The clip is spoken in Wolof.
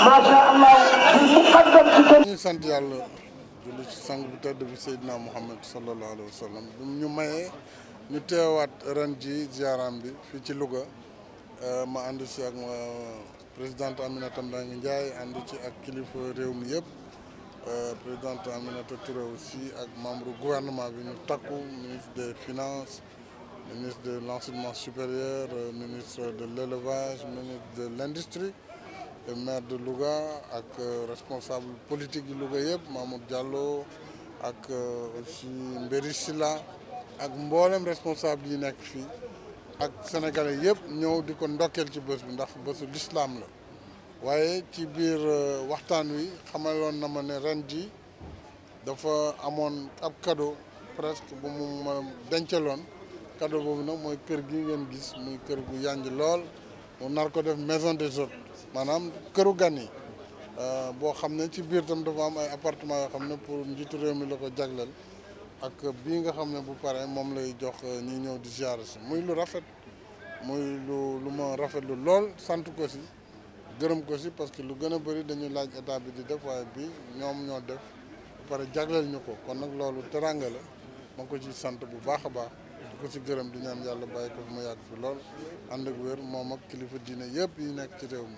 macha allah mu xaddam ci kon ñu sant yàlla julli ci sang bu tedd bi Seydina Muhammad sallallahu alayhi wa sallam bi ñu mayee ñu teewaat ren ji ziaram bi fii ci Louga euh, ma ànd ak ma euh, présidente Aminata Mbengue Ndiaye ànd ci ak kilifa réew mi yëpp euh, président Aminata Touré aussi ak membre gouvernement bi ñu takku ministre des finances ministre de l'enseignement supérieur ministre de l'élevage ministre de l'industrie maire de Louga ak euh, responsable politique yi Louga yëpp Mamour jàlloo ak euh, aussi Mbéri Silla ak mboolem responsable yi nekk fii ak sénégalais yëpp ñëw di ko ndokkeel ci bés bi ndax bésu lislaam la waaye ci biir euh, waxtaan wi xamaloon na ma ne ren ji dafa amoon ab cadeau presque bu mu ma dencaloon cadeau boobu nag mooy kër gi ngeen gis muy kër gu yànj lool mu nar ko def maison des hôtes maanaam këru gan yi euh, boo xam ne ci biir tam dafa am ay appartement yoo xam ne pour njiitu réew mi la ko jagleel ak bii nga xam ne bu paree moom lay jox euh, ñi ñëw di ziyaare si muy lu rafet muy lu lu ma rafetlu lool sant ko si gërëm ko si parce que lu gën a bëri dañuy laaj état bi di def waaye bi ñoom ñoo def ba pare jagleel ñu ko kon nag loolu teranga la moo ko ci sant bu baax a baax di ko ci gërëm di ñaan yàlla bàyyi ko mu yàgg fi lool ànd ak wér moom ak kilifa diine yëpp yi nekk ci réew mi